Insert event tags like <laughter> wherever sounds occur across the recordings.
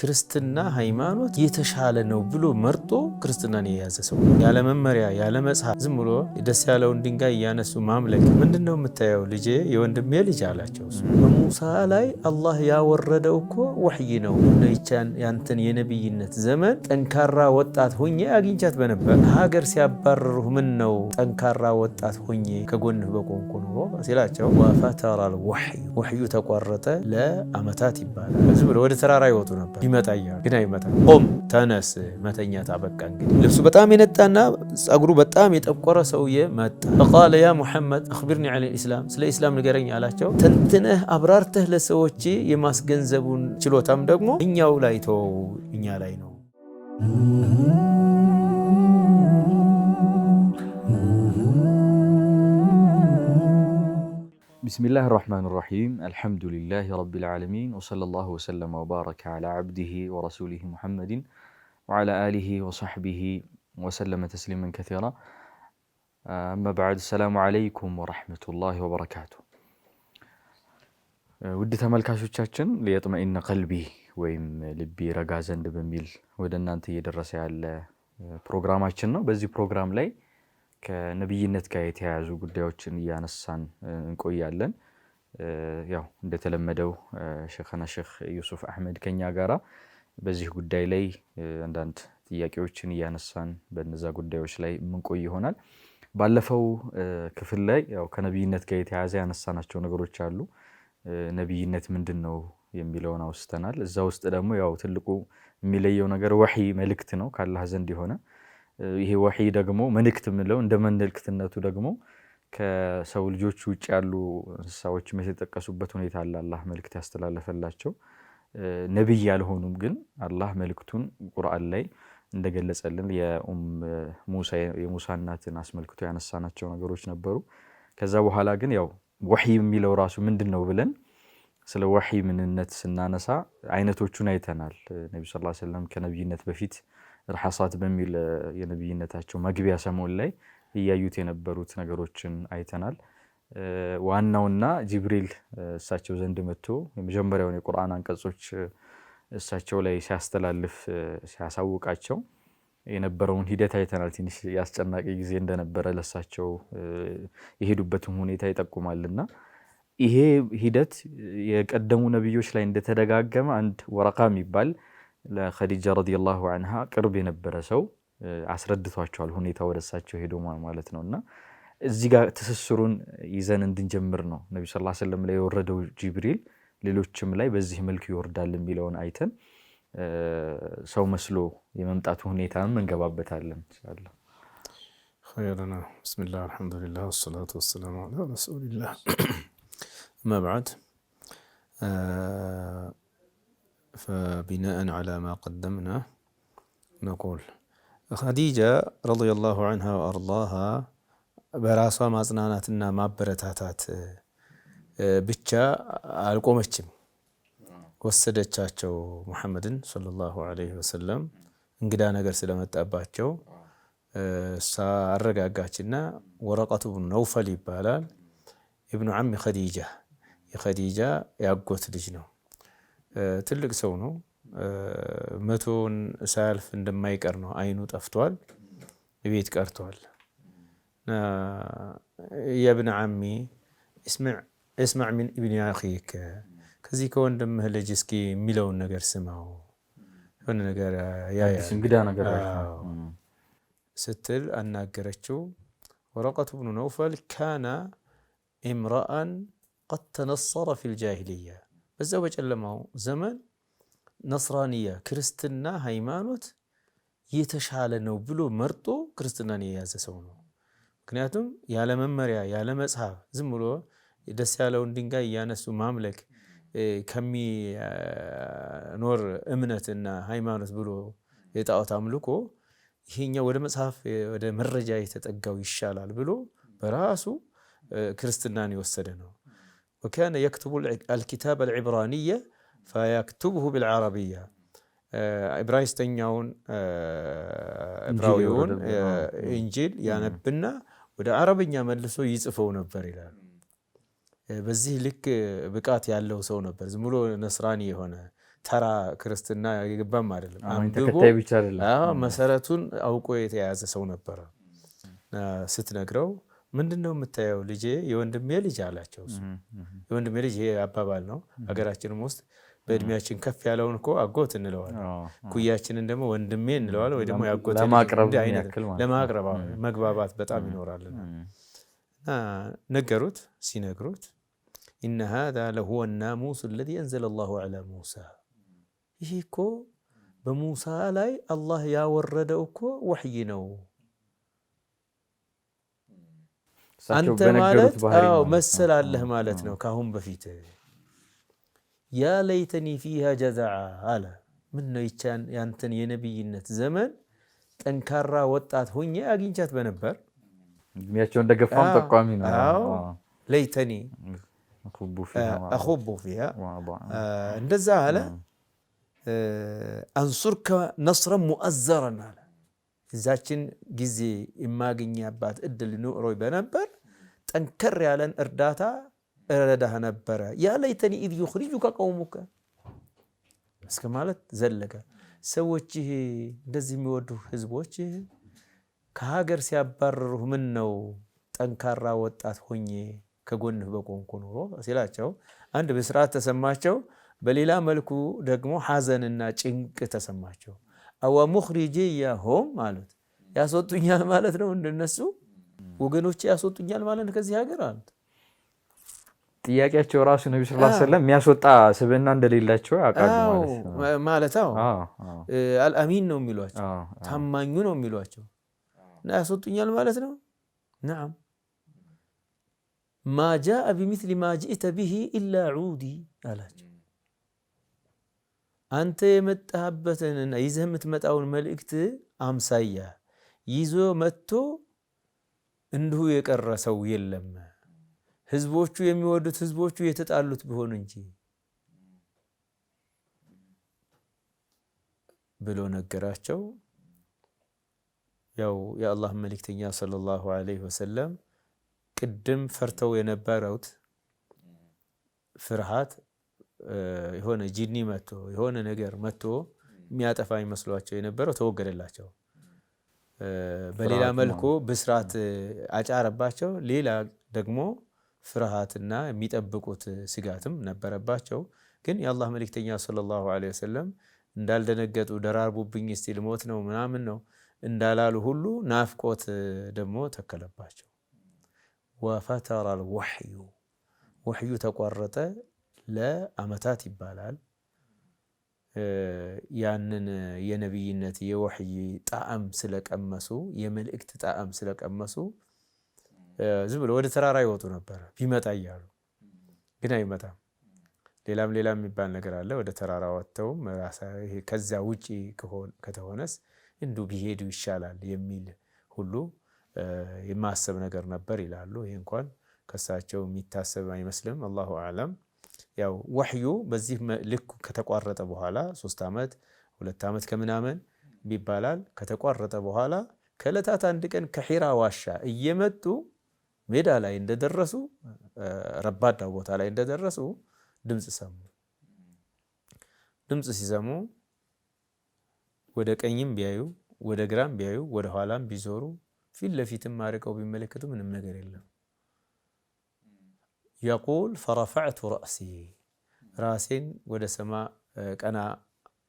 ክርስትና ሃይማኖት የተሻለ ነው ብሎ መርጦ ክርስትናን የያዘ ሰው ያለ መመሪያ ያለ መጽሐፍ ዝም ብሎ ደስ ያለውን ድንጋይ እያነሱ ማምለክ ምንድን ነው የምታየው? ልጄ የወንድሜ ልጅ አላቸው። በሙሳ ላይ አላህ ያወረደው እኮ ወሕይ ነው። ነይቻን ያንተን የነቢይነት ዘመን ጠንካራ ወጣት ሆኜ አግኝቻት በነበር ሀገር ሲያባረሩህ ምን ነው ጠንካራ ወጣት ሆኜ ከጎንህ በቆንኩ ኑሮ ሲላቸው ዋፈተራል ወሕይ ወሕዩ ተቋረጠ ለአመታት ይባላል። ዝም ብሎ ወደ ተራራ ይወጡ ነበር ይመጣ እያሉ ግን ቆም ተነስ፣ መተኛት አበቃ። እንግዲህ ልብሱ በጣም የነጣና ጸጉሩ በጣም የጠቆረ ሰውዬ መጣ። ፈቃለ ያ ሙሐመድ አክቢርኒ ዐን ልእስላም፣ ስለ ኢስላም ንገረኝ አላቸው። ተንትነህ አብራርተህ ለሰዎች የማስገንዘቡን ችሎታም ደግሞ እኛው ላይ ተወው፣ እኛ ላይ ነው። بسم الله الرحمن الرحيم الحمد لله رب العالمين وصلى الله وسلم وبارك على عبده ورسوله محمد وعلى آله وصحبه وسلم تسليما كثيرا أما بعد السلام عليكم ورحمة الله وبركاته ውድ ተመልካቾቻችን ሊየጥመኢነ ቀልቢ ወይም ልቢ ረጋ ዘንድ በሚል ወደ እናንተ እየደረሰ ያለ ፕሮግራማችን ነው። በዚህ ፕሮግራም ላይ ከነብይነት ጋር የተያያዙ ጉዳዮችን እያነሳን እንቆያለን። ያው እንደተለመደው ሸኸና ሼኽ ዩሱፍ አሕመድ ከኛ ጋራ በዚህ ጉዳይ ላይ አንዳንድ ጥያቄዎችን እያነሳን በነዛ ጉዳዮች ላይ የምንቆይ ይሆናል። ባለፈው ክፍል ላይ ያው ከነቢይነት ጋር የተያያዘ ያነሳናቸው ነገሮች አሉ። ነቢይነት ምንድን ነው የሚለውን አውስተናል። እዛ ውስጥ ደግሞ ያው ትልቁ የሚለየው ነገር ወሕይ መልእክት ነው ካላህ ዘንድ የሆነ ይሄ ወሒ ደግሞ መልእክት የምንለው እንደ መልእክትነቱ ደግሞ ከሰው ልጆች ውጭ ያሉ እንስሳዎችም የተጠቀሱበት ሁኔታ አለ። አላህ መልእክት ያስተላለፈላቸው ነቢይ ያልሆኑም ግን አላህ መልእክቱን ቁርአን ላይ እንደገለጸልን የሙሳ እናትን አስመልክቶ ያነሳናቸው ነገሮች ነበሩ። ከዛ በኋላ ግን ያው ወሒ የሚለው ራሱ ምንድን ነው ብለን ስለ ወሒ ምንነት ስናነሳ አይነቶቹን አይተናል። ነቢ ስ ሰለም ከነቢይነት በፊት ርሐሳት በሚል የነቢይነታቸው መግቢያ ሰሞን ላይ እያዩት የነበሩት ነገሮችን አይተናል። ዋናውና ጅብሪል እሳቸው ዘንድ መጥቶ የመጀመሪያውን የቁርአን አንቀጾች እሳቸው ላይ ሲያስተላልፍ ሲያሳውቃቸው የነበረውን ሂደት አይተናል። ትንሽ የአስጨናቂ ጊዜ እንደነበረ ለእሳቸው የሄዱበትን ሁኔታ ይጠቁማልና ይሄ ሂደት የቀደሙ ነቢዮች ላይ እንደተደጋገመ አንድ ወረቃ የሚባል ለኸዲጃ ረዲየላሁ አንሃ ቅርብ የነበረ ሰው አስረድቷቸዋል። ሁኔታ ወደ እሳቸው ሄዶ ማለት ነው እና እዚህ ጋር ትስስሩን ይዘን እንድንጀምር ነው ነቢ ስ ስለም ላይ የወረደው ጅብሪል ሌሎችም ላይ በዚህ መልክ ይወርዳል የሚለውን አይተን ሰው መስሎ የመምጣቱ ሁኔታም እንገባበታለን። ይርና ብስሚላ አልሐምዱሊላህ ወሰላቱ ወሰላሙ አላ ረሱሊላህ አማ <clears throat> فبناء على ما قدمنا نقول خዲጃ ረዲየላሁ አንሃ ወአርዳሃ በራሷ ማጽናናትና ማበረታታት ብቻ አልቆመችም። ወሰደቻቸው ሙሐመድን ሰለላሁ ዐለይሂ ወሰለም እንግዳ ነገር ስለመጣባቸው እሳ አረጋጋችና ወረቀቱ ብኑ ነውፈል ይባላል። ኢብኑ ዓሚ ኸዲጃ የኸዲጃ ያጎት ልጅ ነው። ትልቅ ሰው ነው። መቶውን ሳያልፍ እንደማይቀር ነው። አይኑ ጠፍቷል፣ ቤት ቀርቷል። የብን ዓሚ እስማዕ ሚን ኢብን አኺከ ከዚህ ከወንድምህ ልጅ እስኪ የሚለውን ነገር ስማው የሆነ ነገር ስትል አናገረችው። ወረቀቱ ብኑ ነውፈል ካነ ኢምረአን ቀድ ተነሰረ ፊል ጃሂልያ በዛው በጨለማው ዘመን ነስራንያ ክርስትና ሃይማኖት የተሻለ ነው ብሎ መርጦ ክርስትናን የያዘ ሰው ነው። ምክንያቱም ያለ መመሪያ ያለ መጽሐፍ ዝም ብሎ ደስ ያለውን ድንጋይ እያነሱ ማምለክ ከሚኖር እምነትና ሃይማኖት ብሎ የጣዖት አምልኮ ይሄኛው ወደ መጽሐፍ ወደ መረጃ የተጠጋው ይሻላል ብሎ በራሱ ክርስትናን የወሰደ ነው። وكان يكتب الكتاب العبرانية فيكتبه بالعربية ዕብራይስተኛውን ዕብራዊውን ኢንጂል ያነብና ወደ አረብኛ መልሶ ይጽፈው ነበር ይላሉ። በዚህ ልክ ብቃት ያለው ሰው ነበር። ዝም ብሎ ነስራኒ የሆነ ተራ ክርስትና የገባም አይደለም። አንብቦ መሰረቱን አውቆ የተያዘ ሰው ነበረ። ስትነግረው ምንድን ነው የምታየው? ልጄ የወንድሜ ልጅ አላቸው። የወንድሜ ልጅ ይሄ አባባል ነው ሀገራችንም ውስጥ በእድሜያችን ከፍ ያለውን እኮ አጎት እንለዋለን፣ ኩያችንን ደግሞ ወንድሜ እንለዋለን፣ ወይ ደግሞ ያጎት ለማቅረብ መግባባት በጣም ይኖራልና ነገሩት። ሲነግሩት ኢነ ሃዛ ለሁወ ናሙሱ አለዚ አንዘለ አላሁ ዐላ ሙሳ፣ ይሄ እኮ በሙሳ ላይ አላህ ያወረደው እኮ ወሕይ ነው አንተ ማለት አዎ መሰላለህ ማለት ነው። ካሁን በፊት ያ ለይተኒ ፊሃ ጀዛ አለ። ምን ነው ይቻን ያንተን የነብይነት ዘመን ጠንካራ ወጣት ሆኜ አግኝቻት በነበር። እድሜያቸው እንደገፋም ጠቋሚ ነው። ለይተኒ አኹቡ ፊሃ እንደዛ አለ። አንሱርከ ነስረን ሙአዘረን አለ እዛችን ጊዜ አባት እድል ኑሮይ በነበር ጠንከር ያለን እርዳታ እረዳህ ነበረ። ያ ለይተኒ ኢዝ ዩኽሪጁከ ቀውሙከ እስከ ማለት ዘለቀ። ሰዎችህ እንደዚህ የሚወዱ ህዝቦች ከሀገር ሲያባረሩ ምን ነው ጠንካራ ወጣት ሆኜ ከጎንህ በቆንኩ ኑሮ ሲላቸው አንድ ብስራት ተሰማቸው፣ በሌላ መልኩ ደግሞ ሐዘንና ጭንቅ ተሰማቸው። ወሙኽሪጅየሁም አሉት ያስወጡኛል ማለት ነው። እንደነሱ ወገኖች ያስወጡኛል ማለት ነው ከዚህ ሀገር አሉት። ጥያቄያቸው ራሱ ነቢ ስላ ሰለም የሚያስወጣ ስብና እንደሌላቸው ማለት ነው። አልአሚን ነው የሚሏቸው፣ ታማኙ ነው የሚሏቸው እና ያስወጡኛል ማለት ነው። ነዓም ማ ጃአ ቢሚስሊ ማ ጅእተ ኢላ ዑዲ አላቸው። አንተ የመጣህበትንና ይዘህ የምትመጣውን መልእክት አምሳያ ይዞ መጥቶ እንዲሁ የቀረ ሰው የለም። ህዝቦቹ የሚወዱት ህዝቦቹ የተጣሉት ቢሆኑ እንጂ ብሎ ነገራቸው። ያው የአላህ መልእክተኛ ሰለላሁ ዐለይሂ ወሰለም ቅድም ፈርተው የነበረውት ፍርሃት የሆነ ጂኒ መጥቶ የሆነ ነገር መጥቶ የሚያጠፋ ይመስሏቸው የነበረው ተወገደላቸው። በሌላ መልኩ ብስራት አጫረባቸው። ሌላ ደግሞ ፍርሃትና የሚጠብቁት ስጋትም ነበረባቸው። ግን የአላህ መልእክተኛ ሰለላሁ ዐለይሂ ወሰለም እንዳልደነገጡ ደራርቡብኝ እስቲ ልሞት ነው ምናምን ነው እንዳላሉ ሁሉ ናፍቆት ደግሞ ተከለባቸው። ወፈተራል ወሕዩ ወሕዩ ተቋረጠ። ለአመታት ይባላል። ያንን የነቢይነት የወሕይ ጣዕም ስለቀመሱ የመልእክት ጣዕም ስለቀመሱ ዝም ብሎ ወደ ተራራ ይወጡ ነበር ቢመጣ እያሉ ግን አይመጣም። ሌላም ሌላም የሚባል ነገር አለ። ወደ ተራራ ወጥተውም ከዛ ውጪ ከተሆነስ እንዱ ቢሄዱ ይሻላል የሚል ሁሉ የማሰብ ነገር ነበር ይላሉ። ይህ እንኳን ከሳቸው የሚታሰብ አይመስልም። አላሁ አለም። ያው ወሕዩ በዚህ ልክ ከተቋረጠ በኋላ ሶስት ዓመት ሁለት ዓመት ከምናምን ይባላል። ከተቋረጠ በኋላ ከእለታት አንድ ቀን ከሒራ ዋሻ እየመጡ ሜዳ ላይ እንደደረሱ ረባዳው ቦታ ላይ እንደደረሱ ድምፅ ሰሙ። ድምፅ ሲሰሙ ወደ ቀኝም ቢያዩ ወደ ግራም ቢያዩ ወደ ኋላም ቢዞሩ ፊት ለፊትም አርቀው ቢመለከቱ ምንም ነገር የለም። يقول فرفعت رأسي راسين ود سما كنا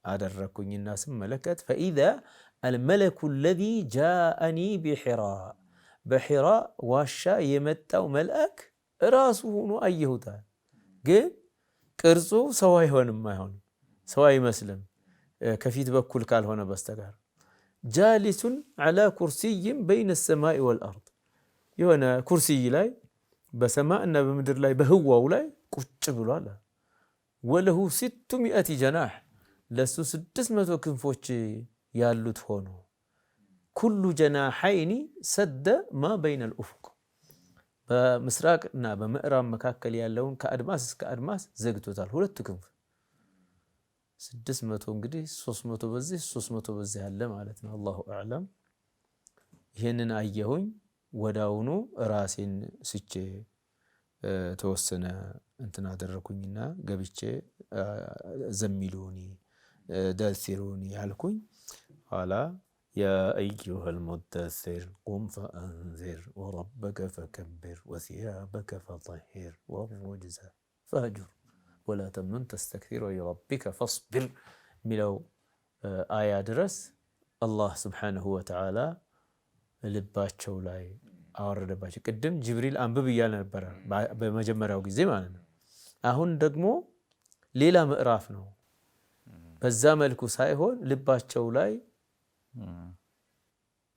أدركني الناس ملكت فإذا الملك الذي جاءني بحراء بحراء واشا يمتا ملأك راسه نو أيه تان قل كرسو سواي هون ما هون سواي مسلم كفيت بكل كال هنا بستقر جالس على كرسي بين السماء والأرض يونا كرسي لاي በሰማይ እና በምድር ላይ በህዋው ላይ ቁጭ ብሏል። ወለሁ ሲቱ ሚአቲ ጀናህ ለሱ ስድስት መቶ ክንፎች ያሉት ሆኖ ኩሉ ጀናሐይኒ ሰደ ማ በይነ ልኡፉቅ በምስራቅ እና በምዕራብ መካከል ያለውን ከአድማስ እስከ አድማስ ዘግቶታል። ሁለቱ ክንፍ ስድስት መቶ እንግዲህ ሶስት መቶ በዚህ ሶስት መቶ በዚህ አለ ማለት ነው። አላሁ አዕለም። ይህንን አየሁኝ ወዳውኑ ራሴን ስቼ ተወሰነ እንትን አደረኩኝና ገብቼ ዘሚሉኒ ደሲሩኒ ያልኩኝ ኋላ ያ ሙደሲር ቁም ፈአንዚር ወረበከ ፈከብር ወሲያበከ ፈጠሂር ወርጅዘ ፈህጁር ወላ ተምን ተስተክሲር ወሊረቢከ ፈስቢር የሚለው አያ ድረስ አላህ ስብሓነሁ ወተዓላ ልባቸው ላይ አወረደባቸው። ቅድም ጅብሪል አንብብ እያለ ነበረ በመጀመሪያው ጊዜ ማለት ነው። አሁን ደግሞ ሌላ ምዕራፍ ነው። በዛ መልኩ ሳይሆን ልባቸው ላይ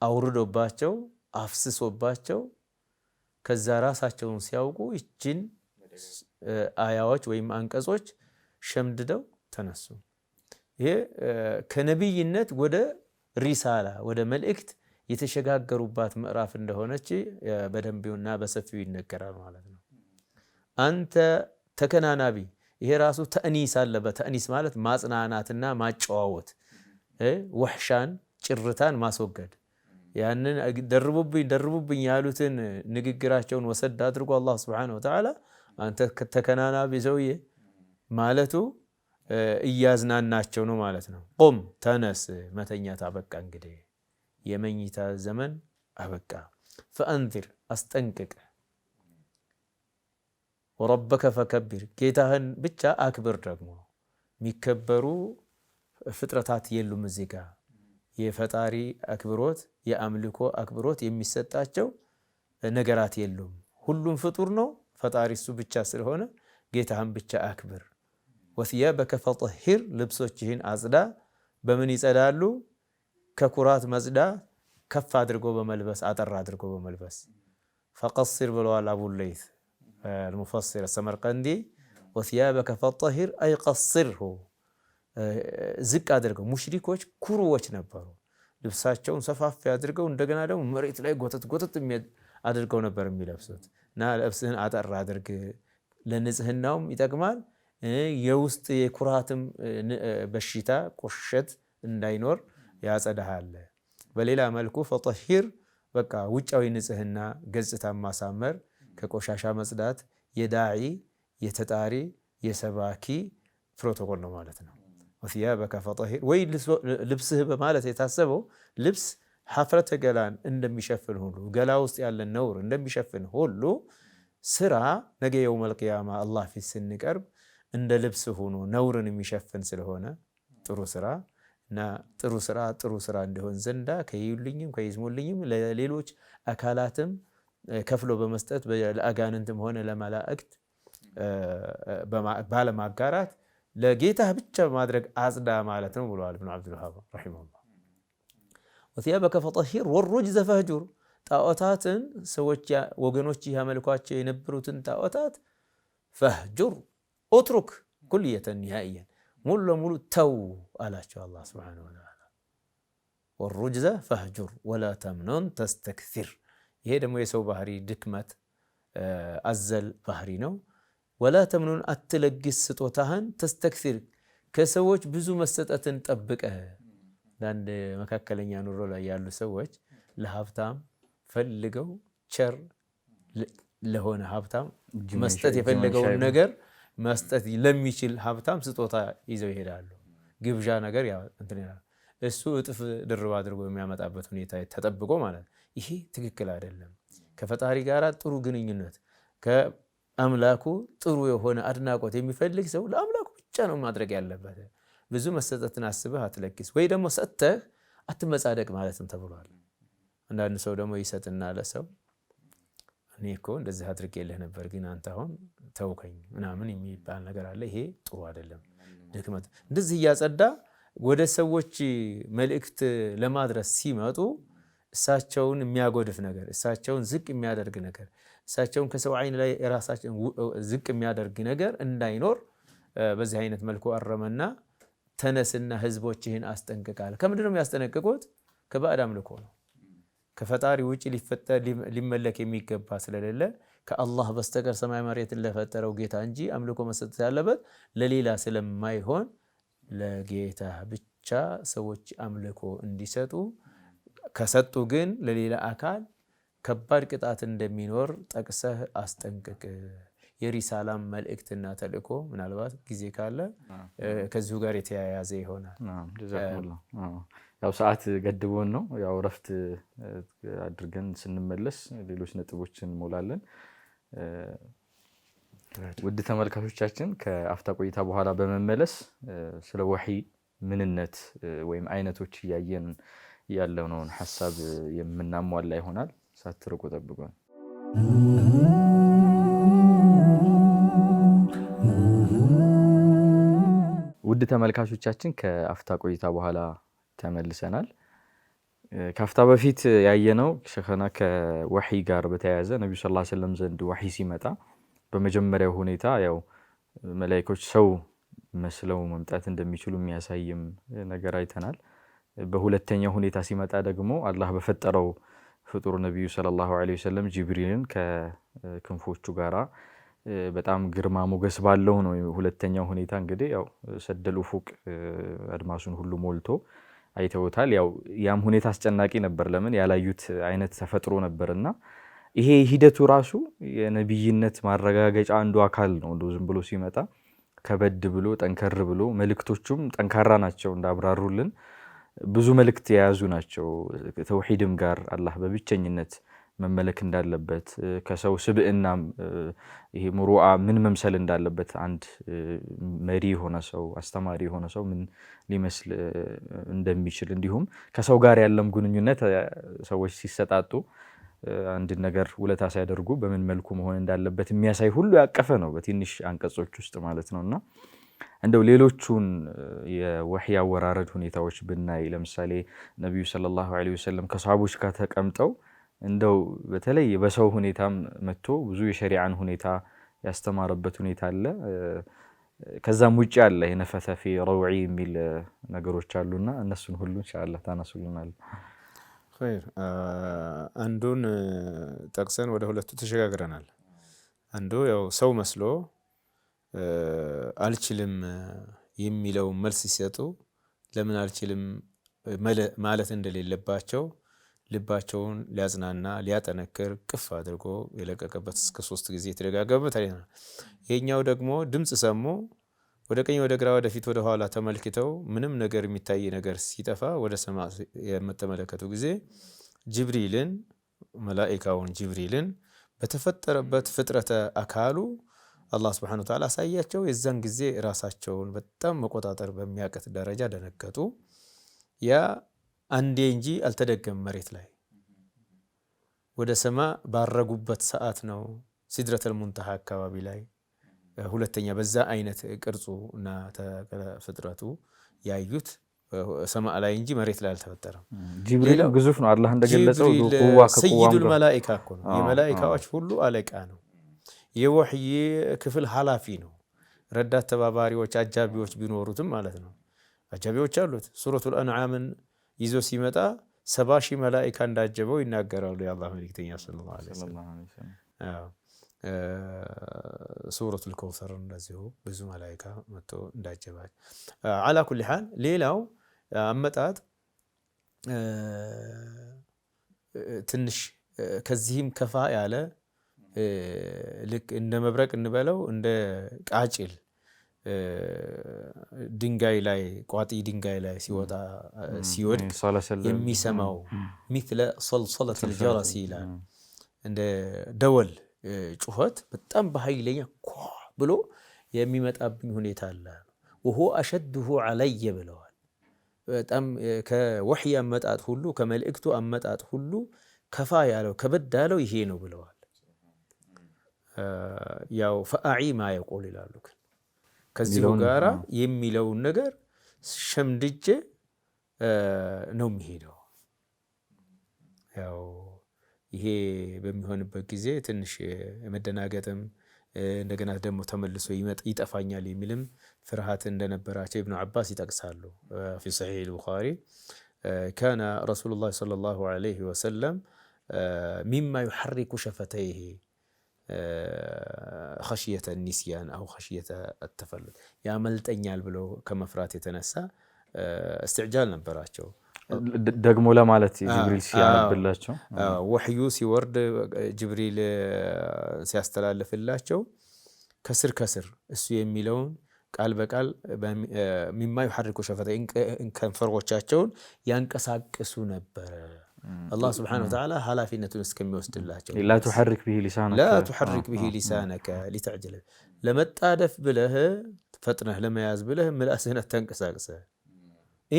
አውርዶባቸው አፍስሶባቸው ከዛ ራሳቸውን ሲያውቁ ይችን አያዎች ወይም አንቀጾች ሸምድደው ተነሱ። ይሄ ከነቢይነት ወደ ሪሳላ ወደ መልእክት የተሸጋገሩባት ምዕራፍ እንደሆነች በደንቢውና በሰፊው ይነገራል ማለት ነው። አንተ ተከናናቢ፣ ይሄ ራሱ ተእኒስ አለበት። ተእኒስ ማለት ማጽናናትና ማጨዋወት፣ ወሕሻን ጭርታን ማስወገድ ያንን ደርቡብኝ ደርቡብኝ ያሉትን ንግግራቸውን ወሰድ አድርጎ አላህ ሱብሓነሁ ወተዓላ አንተ ተከናናቢ ሰውዬ ማለቱ እያዝናናቸው ነው ማለት ነው። ቁም ተነስ፣ መተኛት አበቃ እንግዲህ የመኝታ ዘመን አበቃ። ፈአንዚር አስጠንቅቅ፣ ወረበከ ፈከቢር ጌታህን ብቻ አክብር። ደግሞ የሚከበሩ ፍጥረታት የሉም እዚህ ጋ የፈጣሪ አክብሮት የአምልኮ አክብሮት የሚሰጣቸው ነገራት የሉም። ሁሉም ፍጡር ነው፣ ፈጣሪ እሱ ብቻ ስለሆነ ጌታህን ብቻ አክብር። ወስያበከ ፈጠሂር ልብሶችህን አጽዳ። በምን ይጸዳሉ? ከኩራት መጽዳት ከፍ አድርጎ በመልበስ አጠር አድርጎ በመልበስ ፈቀሲር ብለዋል አቡለይት ሙፈሲር ሰመርቀንዲ ወትያበከ ፈጠሂር አይ ቀሲርሁ ዝቅ አድርገው ሙሽሪኮች ኩሩዎች ነበሩ። ልብሳቸውን ሰፋፊ አድርገው እንደገና ደግሞ መሬት ላይ ጎተት ጎተት አድርገው ነበር የሚለብሱት እና ልብስህን አጠር አድርግ፣ ለንጽህናውም ይጠቅማል። የውስጥ የኩራትም በሽታ ቆሸት እንዳይኖር ያጸዳሃል። በሌላ መልኩ ፈጠሂር በቃ ውጫዊ ንጽህና ገጽታን ማሳመር፣ ከቆሻሻ መጽዳት የዳዒ የተጣሪ የሰባኪ ፕሮቶኮል ነው ማለት ነው። ወሲያበከ ፈጠሂር ወይ ልብስህ በማለት የታሰበው ልብስ ሐፍረተ ገላን እንደሚሸፍን ሁሉ ገላ ውስጥ ያለን ነውር እንደሚሸፍን ሁሉ ስራ ነገ የውመል ቂያማ አላህ ፊት ስንቀርብ እንደ ልብስ ሆኖ ነውርን የሚሸፍን ስለሆነ ጥሩ ስራ እና ጥሩ ስራ ጥሩ ስራ እንዲሆን ዘንዳ ከይዩልኝም ከይዝሙልኝም ለሌሎች አካላትም ከፍሎ በመስጠት ለአጋንንትም ሆነ ለመላእክት ባለማጋራት ለጌታ ብቻ በማድረግ አጽዳ ማለት ነው ብለዋል ብን አብዱልሃብ ረሂመሁላህ። ወቲያበከ ፈጠሂር ወሩጅዘ ፈህጁር ጣዖታትን ሰዎች ወገኖች ያመልኳቸው የነበሩትን ጣዖታት ፈህጁር ኦትሩክ ኩልየተን ኒሃእየን ሙሉ ለሙሉ ተው አላቸው አላህ ሱብሓነሁ ወተዓላ። ወሩጅዘ ፈህጁር ወላ ተምኖን ተስተክፊር። ይሄ ደግሞ የሰው ባህሪ ድክመት አዘል ባህሪ ነው። ወላ ተምኖን አትለግስ ስጦታህን፣ ተስተክፊር ከሰዎች ብዙ መሰጠትን ጠብቀ። አንዳንድ መካከለኛ ኑሮ ላይ ያሉ ሰዎች ለሀብታም ፈልገው ቸር ለሆነ ሀብታም መስጠት የፈለገውን ነገር መስጠት ለሚችል ሀብታም ስጦታ ይዘው ይሄዳሉ። ግብዣ ነገር እንትን ይላል። እሱ እጥፍ ድርብ አድርጎ የሚያመጣበት ሁኔታ ተጠብቆ ማለት ይሄ ትክክል አይደለም። ከፈጣሪ ጋር ጥሩ ግንኙነት ከአምላኩ ጥሩ የሆነ አድናቆት የሚፈልግ ሰው ለአምላኩ ብቻ ነው ማድረግ ያለበት። ብዙ መሰጠትን አስበህ አትለግስ፣ ወይ ደግሞ ሰጥተህ አትመጻደቅ ማለትም ተብሏል። አንዳንድ ሰው ደግሞ ይሰጥና ለሰው እኔ እኮ እንደዚህ አድርጌልህ ነበር፣ ግን አንተ አሁን ተውከኝ ምናምን የሚባል ነገር አለ። ይሄ ጥሩ አይደለም። ድክመት እንደዚህ እያጸዳ ወደ ሰዎች መልእክት ለማድረስ ሲመጡ እሳቸውን የሚያጎድፍ ነገር፣ እሳቸውን ዝቅ የሚያደርግ ነገር፣ እሳቸውን ከሰው አይን ላይ የራሳቸውን ዝቅ የሚያደርግ ነገር እንዳይኖር በዚህ አይነት መልኩ አረመና ተነስና ህዝቦችህን አስጠንቅቃል። ከምንድነው ነው የሚያስጠነቅቁት? ከባዕድ አምልኮ ነው። ከፈጣሪ ውጭ ሊፈጠር ሊመለክ የሚገባ ስለሌለ ከአላህ በስተቀር ሰማይ መሬትን ለፈጠረው ጌታ እንጂ አምልኮ መሰጠት ያለበት ለሌላ ስለማይሆን ለጌታ ብቻ ሰዎች አምልኮ እንዲሰጡ ከሰጡ ግን ለሌላ አካል ከባድ ቅጣት እንደሚኖር ጠቅሰህ አስጠንቅቅ። የሪሳላም መልእክትና ተልእኮ ምናልባት ጊዜ ካለ ከዚሁ ጋር የተያያዘ ይሆናል። ያው ሰዓት ገድቦን ነው። ያው እረፍት አድርገን ስንመለስ ሌሎች ነጥቦችን እንሞላለን። ውድ ተመልካቾቻችን ከአፍታ ቆይታ በኋላ በመመለስ ስለ ወሕይ ምንነት ወይም አይነቶች እያየን ያለነውን ሀሳብ የምናሟላ ይሆናል። ሳትርቁ ጠብቁን። ውድ ተመልካቾቻችን ከአፍታ ቆይታ በኋላ ተመልሰናል። ከአፍታ በፊት ያየነው ሸኸና ከወሒ ጋር በተያያዘ ነቢ ስ ዐለይሂ ዘንድ ወሒ ሲመጣ በመጀመሪያው ሁኔታ ያው መላይኮች ሰው መስለው መምጣት እንደሚችሉ የሚያሳይም ነገር አይተናል። በሁለተኛው ሁኔታ ሲመጣ ደግሞ አላህ በፈጠረው ፍጡር ነቢዩ ሰለላሁ ዐለይሂ ሰለም ጅብሪልን ከክንፎቹ ጋራ በጣም ግርማ ሞገስ ባለው ነው። ሁለተኛው ሁኔታ እንግዲህ ያው ሰደሉ ፎቅ አድማሱን ሁሉ ሞልቶ አይተውታል። ያው ያም ሁኔታ አስጨናቂ ነበር። ለምን ያላዩት አይነት ተፈጥሮ ነበር እና ይሄ ሂደቱ ራሱ የነቢይነት ማረጋገጫ አንዱ አካል ነው። እንደው ዝም ብሎ ሲመጣ ከበድ ብሎ ጠንከር ብሎ መልእክቶቹም ጠንካራ ናቸው እንዳብራሩልን ብዙ መልእክት የያዙ ናቸው። ተውሒድም ጋር አላህ በብቸኝነት መመለክ እንዳለበት ከሰው ስብእና ይሄ ሙሩአ ምን መምሰል እንዳለበት አንድ መሪ የሆነ ሰው አስተማሪ የሆነ ሰው ምን ሊመስል እንደሚችል እንዲሁም ከሰው ጋር ያለም ግንኙነት ሰዎች ሲሰጣጡ አንድን ነገር ውለታ ሲያደርጉ በምን መልኩ መሆን እንዳለበት የሚያሳይ ሁሉ ያቀፈ ነው፣ በትንሽ አንቀጾች ውስጥ ማለት ነው። እና እንደው ሌሎቹን የወሕይ አወራረድ ሁኔታዎች ብናይ ለምሳሌ ነቢዩ ሰለላሁ ዐለይሂ ወሰለም ከሰሃቦች ጋር ተቀምጠው እንደው በተለይ በሰው ሁኔታም መጥቶ ብዙ የሸሪዓን ሁኔታ ያስተማረበት ሁኔታ አለ። ከዛም ውጭ አለ የነፈተ ፊ ረውዒ የሚል ነገሮች አሉና እነሱን ሁሉ ኢንሻአላህ ታነሱልናል። ኸይር አንዱን ጠቅሰን ወደ ሁለቱ ተሸጋግረናል። አንዱ ያው ሰው መስሎ አልችልም የሚለውን መልስ ሲሰጡ ለምን አልችልም ማለት እንደሌለባቸው ልባቸውን ሊያዝናና ሊያጠነክር ቅፍ አድርጎ የለቀቀበት እስከ ሶስት ጊዜ የተደጋገመበት ታሪክ ነው። ይሄኛው ደግሞ ድምፅ ሰሙ፣ ወደ ቀኝ፣ ወደ ግራ፣ ወደፊት፣ ወደ ኋላ ተመልክተው ምንም ነገር የሚታይ ነገር ሲጠፋ ወደ ሰማይ የምትመለከቱ ጊዜ ጅብሪልን መላኢካውን ጅብሪልን በተፈጠረበት ፍጥረተ አካሉ አላህ ስብሐነሁ ወተዓላ አሳያቸው። የዛን ጊዜ ራሳቸውን በጣም መቆጣጠር በሚያቀት ደረጃ ደነገጡ። ያ አንዴ እንጂ አልተደገም መሬት ላይ ወደ ሰማ ባረጉበት ሰዓት ነው ሲድረተል ሙንተሃ አካባቢ ላይ ሁለተኛ በዛ አይነት ቅርጹ እና ፍጥረቱ ያዩት ሰማ ላይ እንጂ መሬት ላይ አልተፈጠረም። ጅብሪል ግዙፍ ነው። አላህ እንደገለጸው ሰይዱል መላኢካ እኮ ነው። የመላኢካዎች ሁሉ አለቃ ነው። የወሕይ ክፍል ኃላፊ ነው። ረዳት ተባባሪዎች፣ አጃቢዎች ቢኖሩትም ማለት ነው። አጃቢዎች አሉት። ሱረቱል አንዓምን ይዞ ሲመጣ ሰባ ሺህ መላኢካ እንዳጀበው ይናገራሉ የአላህ መልክተኛ ሰለላሁ ዐለይሂ ወሰለም። ሱረቱል ከውሰር እንደዚሁ ብዙ መላኢካ መጥቶ እንዳጀባል። አላ ኩሊ ሓል ሌላው አመጣጥ ትንሽ ከዚህም ከፋ ያለ ልክ እንደ መብረቅ እንበለው እንደ ቃጭል ድንጋይ ላይ ቋጢ ድንጋይ ላይ ሲወጣ ሲወድቅ የሚሰማው ሚትለ ሰልሰለት ልጀረሲ ይላል። እንደ ደወል ጩኸት በጣም በኃይለኛ ኳ ብሎ የሚመጣብኝ ሁኔታ አለ። ወሆ አሸድሁ አለየ ብለዋል። በጣም ከወሕይ አመጣጥ ሁሉ ከመልእክቱ አመጣጥ ሁሉ ከፋ ያለው ከበድ ያለው ይሄ ነው ብለዋል። ያው ፈአዒ ማ የቆል ይላሉ ግን ከዚሁ ጋራ የሚለውን ነገር ሸምድጄ ነው የሚሄደው። ያው ይሄ በሚሆንበት ጊዜ ትንሽ መደናገጥም እንደገና ደግሞ ተመልሶ ይጠፋኛል የሚልም ፍርሃት እንደነበራቸው ኢብኑ አባስ ይጠቅሳሉ። ፊ ሰሒሕ ልቡኻሪ ካነ ረሱሉላህ ሰለላሁ ዐለይሂ ወሰለም ሚማ ዩሐሪኩ ሸፈተይህ ከሽየተ ኒስያን አሁ ከሽየተ ተፈሉት ያመልጠኛል ብሎ ከመፍራት የተነሳ እስትዕጃል ነበራቸው። ደግሞ ለማለት ጅብሪል ሲያነብላቸው ወሕዩ ሲወርድ ጅብሪል ሲያስተላልፍላቸው ከስር ከስር እሱ የሚለውን ቃል በቃል ሚማ ዩሐርኩ ሸፈተ ከንፈሮቻቸውን ያንቀሳቅሱ ነበረ። አላህ ስብሐነሁ ወተዓላ ኃላፊነቱን እስከሚወስድላቸው ላ ቱሐሪክ ብሂ ሊሳነከ ሊተዕጅለ ለመጣደፍ ብለህ ፈጥነህ ለመያዝ ብለህ ምላስህን አታንቀሳቅሰህ።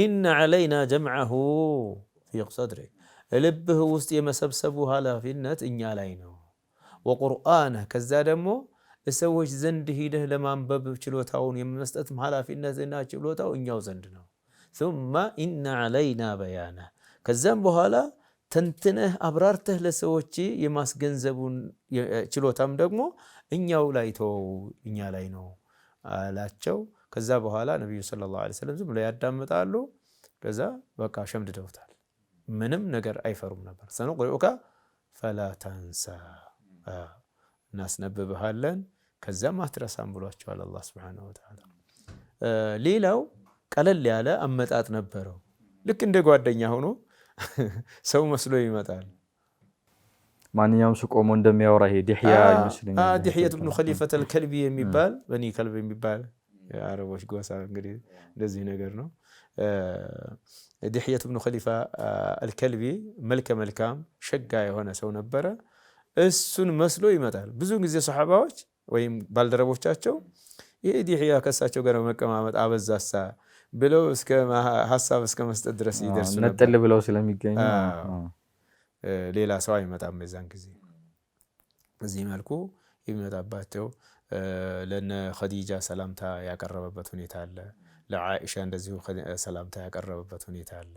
ኢነ ዐለይና ጀምዐሁ ፊ ሰድሪክ ልብህ ውስጥ የመሰብሰቡ ኃላፊነት እኛ ላይ ነው። ወቁርአንህ ከዛ ደግሞ ሰዎች ዘንድ ሂደህ ለማንበብ ችሎታውን የመስጠት ኃላፊነትና ችሎታው እኛው ዘንድ ነው። ሱመ ኢነ ዐለይና በያነህ ከዛም በኋላ ተንትነህ አብራርተህ ለሰዎች የማስገንዘቡን ችሎታም ደግሞ እኛው ላይ ተወው፣ እኛ ላይ ነው አላቸው። ከዛ በኋላ ነቢዩ ሰለላሁ ዐለይሂ ወሰለም ዝም ብለው ያዳምጣሉ። ከዛ በቃ ሸምድደውታል። ምንም ነገር አይፈሩም ነበር። ሰኑቅሪኡከ ፈላ ተንሳ እናስነብብሃለን፣ ከዛም አትረሳም ብሏቸዋል አላህ ሱብሓነሁ ወተዓላ። ሌላው ቀለል ያለ አመጣጥ ነበረው ልክ እንደ ጓደኛ ሆኖ ሰው መስሎ ይመጣል። ማንኛውም ሱ ቆሞ እንደሚያወራ ይሄ ዲሕያ ይመስለኛል። ዲሕየት ብኑ ከሊፈት ልከልቢ የሚባል በኒ ከልብ የሚባል የአረቦች ጎሳ እንግዲህ እንደዚህ ነገር ነው። ዲሕየት ብኑ ከሊፋ አልከልቢ መልከ መልካም ሸጋ የሆነ ሰው ነበረ። እሱን መስሎ ይመጣል። ብዙ ጊዜ ሰሓባዎች ወይም ባልደረቦቻቸው ይሄ ዲሕያ ከእሳቸው ጋር መቀማመጥ አበዛሳ ብለው እስከ ሀሳብ እስከ መስጠት ድረስ ይደርሱ ነጠል ብለው ስለሚገኙ ሌላ ሰው አይመጣም። በዛን ጊዜ እዚህ መልኩ የሚመጣባቸው ለነ ኸዲጃ ሰላምታ ያቀረበበት ሁኔታ አለ። ለዓኢሻ እንደዚሁ ሰላምታ ያቀረበበት ሁኔታ አለ።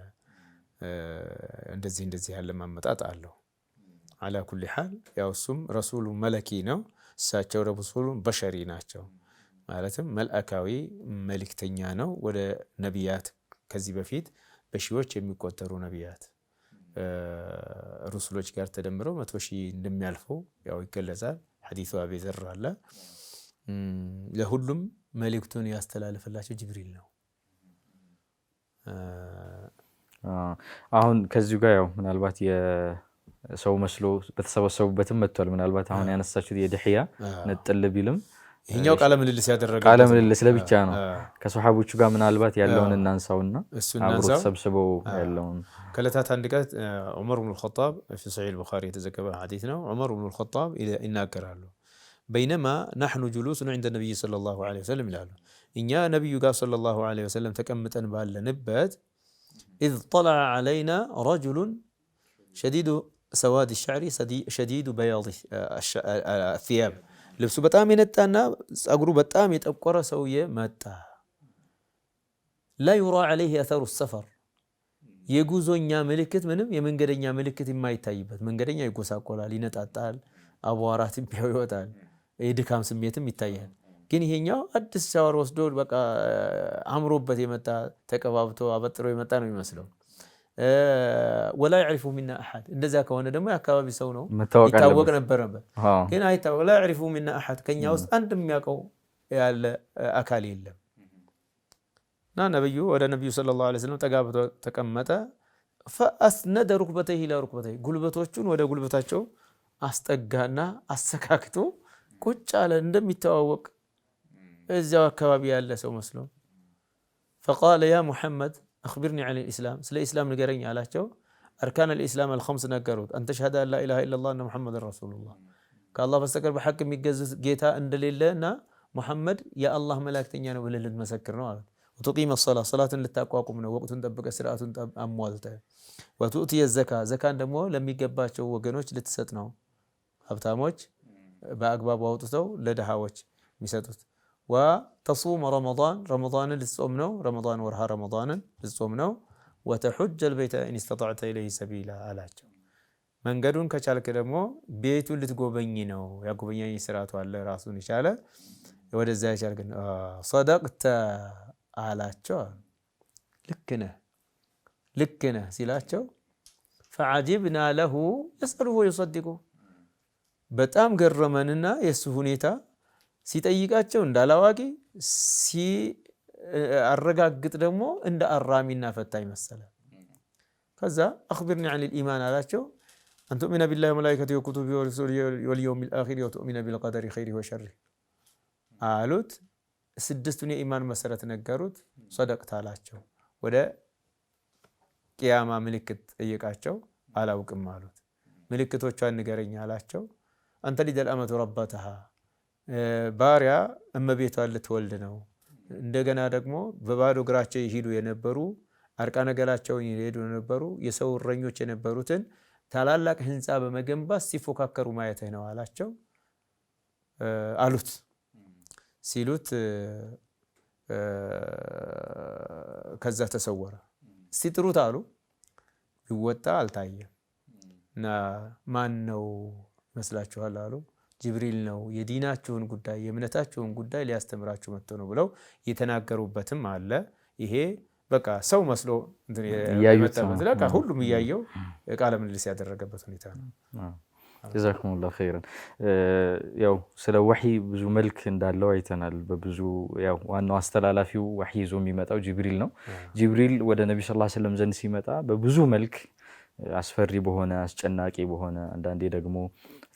እንደዚህ እንደዚህ ያለ ማመጣጥ አለው። አላ ኩሊ ሓል ያው እሱም ረሱሉ መለኪ ነው፣ እሳቸው ረሱሉ በሸሪ ናቸው። ማለትም መልአካዊ መልእክተኛ ነው። ወደ ነቢያት ከዚህ በፊት በሺዎች የሚቆጠሩ ነቢያት ሩሱሎች ጋር ተደምረው መቶ ሺህ እንደሚያልፈው ያው ይገለጻል። ሐዲሱ አቤዘር አለ። ለሁሉም መልእክቱን ያስተላልፈላቸው ጅብሪል ነው። አሁን ከዚሁ ጋር ያው ምናልባት የሰው መስሎ በተሰበሰቡበትም መጥቷል። ምናልባት አሁን ያነሳችሁት የድሕያ ነጥል ቢልም ይሄኛው ቃለ ምልልስ ያደረገ ቃለ ምልልስ ለብቻ ነው። ከሰሓቦቹ ጋር ምናልባት ያለውን እናንሳውና አብሮ ተሰብስበው ያለውን ከዕለታት አንድ ቀን ዑመር ብኑ ልኸጣብ ፊ ሰሒሕ ልቡኻሪ የተዘገበ ሐዲት ነው። ዑመር ብኑ ልኸጣብ ይናገራሉ። በይነማ ናሕኑ ጁሉስን ዒንደ ነቢይ ሰለላሁ ዐለይሂ ወሰለም ይላሉ። እኛ ነቢዩ ጋር ሰለላሁ ዐለይሂ ወሰለም ተቀምጠን ባለንበት ኢዝ ጠለዐ ዐለይና ረጅሉን ሸዲዱ ሰዋድ ሻዕሪ ሸዲዱ በያድ አትያብ ልብሱ በጣም የነጣና ጸጉሩ በጣም የጠቆረ ሰውዬ መጣ። ላ ዩራ ዐለይህ አተሩ ሰፈር የጉዞኛ ምልክት ምንም የመንገደኛ ምልክት የማይታይበት መንገደኛ ይጎሳቆላል፣ ይነጣጣል፣ አቧራ ትቢያው <laughs> ይወጣል፣ የድካም ስሜትም ይታያል። ግን ይሄኛው አዲስ ሻወር ወስዶ በቃ አምሮበት የመጣ ተቀባብቶ አበጥሮ የመጣ ነው የሚመስለው። ወላ ያዕሪፉ ሚና አሐድ። እንደዚያ ከሆነ ደግሞ የአካባቢ ሰው ነው ይታወቅ ነበር ግን አይታወቅ። ላ ያዕሪፉ ሚና አሐድ፣ ከኛ ውስጥ አንድ የሚያውቀው ያለ አካል የለም። እና ነብዩ ወደ ነቢዩ ሰለላሁ ዐለይሂ ወሰለም ጠጋ ተቀመጠ። ፈአስነደ ሩክበተይሂ ኢላ ሩክበተይሂ፣ ጉልበቶቹን ወደ ጉልበታቸው አስጠጋና አሰካክቶ ቁጭ አለ እንደሚተዋወቅ እዚያው አካባቢ ያለ ሰው መስሎ። ፈቃለ ያ ሙሐመድ አክቢርኒ ዐን ልእስላም ስለ ኢስላም ንገረኝ አላቸው። አርካን ልእስላም አልኸምስ ነገሩት። አንተሽሃዳ ላ ኢላሃ ኢለላህ እና ሙሐመድን ረሱሉላህ ከአላህ በስተቀር በሐቅ የሚገዙት ጌታ እንደሌለ እና ሙሐመድ የአላህ መላእክተኛ ነው ብለህ ልትመሰክር ነው አሉት። ወቱቂመ ሰላ ሰላትን ልታቋቁም ነው ወቅቱን ጠብቀ ስርዓቱን አሟልተ፣ ወቱእትየ ዘካ ዘካን ደግሞ ለሚገባቸው ወገኖች ልትሰጥ ነው። ሀብታሞች በአግባቡ አውጥተው ለድሃዎች የሚሰጡት وتصوم رمضان رمضان للصوم ነው رمضان ወርሃ ረመዳንን ልጾም ነው ወተሑጀ ልበይተ ኢን ስተጣዕተ ኢለይሂ ሰቢላ አላቸው። መንገዱን ከቻልክ ደግሞ ቤቱን ልትጎበኝ ነው። ያጎበኛኝ ስርዓቱ አለ ራሱን የቻለ ወደዛ የቻልክ ሰደቅተ አላቸው። ልክ ነህ ልክ ነህ ሲላቸው ፈዓጂብና ለሁ የስአልሁ ወዩሰዲቁ በጣም ገረመንና የእሱ ሁኔታ ሲጠይቃቸው እንደ አላዋቂ ሲያረጋግጥ ደግሞ እንደ አራሚና ፈታኝ መሰለ። ከዛ አኽቢርኒ ዐኒል ኢማን አላቸው። አንቱእሚነ ቢላሂ ወመላኢከቲ ወኩቱቢ ወልየውሚል አኺር ወቱእሚነ ቢልቀደሪ ኸይሪ ወሸሪ አሉት። ስድስቱን የኢማን መሰረት ነገሩት። ሰደቅታ አላቸው። ወደ ቅያማ ምልክት ጠየቃቸው። አላውቅም አሉት። ምልክቶቿን ንገረኛ አላቸው። አንተ ሊደል አመቱ ረበተሃ ባሪያ እመቤቷን ልትወልድ ነው። እንደገና ደግሞ በባዶ እግራቸው ይሄዱ የነበሩ አርቃ ገላቸውን ይሄዱ የነበሩ የሰው እረኞች የነበሩትን ታላላቅ ህንፃ በመገንባት ሲፎካከሩ ማየትህ ነው አላቸው አሉት። ሲሉት ከዛ ተሰወረ። ሲጥሩት አሉ ይወጣ አልታየም። እና ማን ነው ይመስላችኋል አሉ ጅብሪል ነው የዲናችሁን ጉዳይ የእምነታችሁን ጉዳይ ሊያስተምራችሁ መጥቶ ነው ብለው የተናገሩበትም አለ። ይሄ በቃ ሰው መስሎ ሁሉም እያየው ቃለ ምልልስ ያደረገበት ሁኔታ ነው። ጀዛኩሙላሁ ኸይረን። ያው ስለ ወሒ ብዙ መልክ እንዳለው አይተናል። በብዙ ያው ዋናው አስተላላፊው ወሒ ይዞ የሚመጣው ጅብሪል ነው። ጅብሪል ወደ ነቢ ሰለላሁ ዐለይሂ ወሰለም ዘንድ ሲመጣ በብዙ መልክ አስፈሪ በሆነ አስጨናቂ በሆነ አንዳንዴ ደግሞ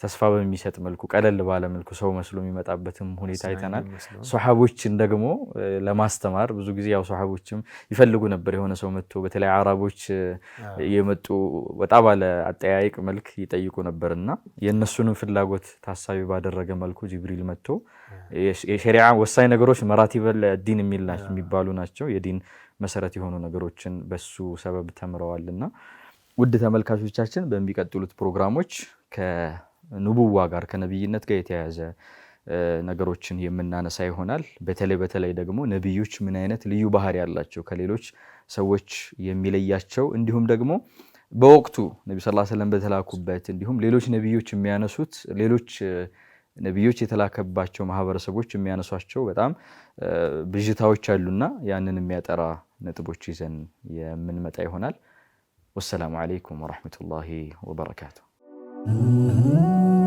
ተስፋ በሚሰጥ መልኩ ቀለል ባለ መልኩ ሰው መስሎ የሚመጣበትም ሁኔታ አይተናል። ሶሓቦችን ደግሞ ለማስተማር ብዙ ጊዜ ያው ሶሓቦችም ይፈልጉ ነበር የሆነ ሰው መጥቶ በተለይ አራቦች የመጡ ወጣ ባለ አጠያይቅ መልክ ይጠይቁ ነበር እና የእነሱንም ፍላጎት ታሳቢ ባደረገ መልኩ ጅብሪል መጥቶ የሸሪዓ ወሳኝ ነገሮች መራቲበል ዲን የሚባሉ ናቸው። የዲን መሰረት የሆኑ ነገሮችን በሱ ሰበብ እና ውድ ተመልካቾቻችን በሚቀጥሉት ፕሮግራሞች ንቡዋ ጋር ከነቢይነት ጋር የተያያዘ ነገሮችን የምናነሳ ይሆናል። በተለይ በተለይ ደግሞ ነቢዮች ምን አይነት ልዩ ባህሪ ያላቸው ከሌሎች ሰዎች የሚለያቸው እንዲሁም ደግሞ በወቅቱ ነቢ ሰለላሁ ዐለይሂ በተላኩበት እንዲሁም ሌሎች ነቢዮች የሚያነሱት ሌሎች ነቢዮች የተላከባቸው ማህበረሰቦች የሚያነሷቸው በጣም ብዥታዎች አሉና ያንን የሚያጠራ ነጥቦች ይዘን የምንመጣ ይሆናል። ወሰላሙ አለይኩም ወረሕመቱላሂ ወበረካቱ። Mm-hmm.